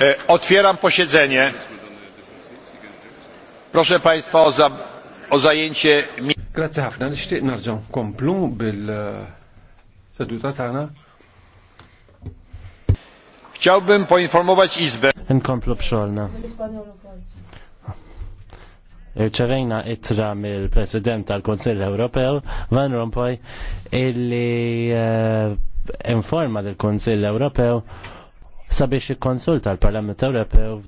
E, otwieram posiedzenie. Proszę Państwa o, za, o zajęcie. Grazie ħafna, nixtieq narġa' komplu bil-seduta tana. Chciałbym poinformować Izbę. Nkomplu b'xogħolna. Irċevejna itra mill-President tal konsil Ewropew, Van Rompuy, illi eh, informa lill konsil Ewropew sabiex ikkonsulta l-Parlament Ewropew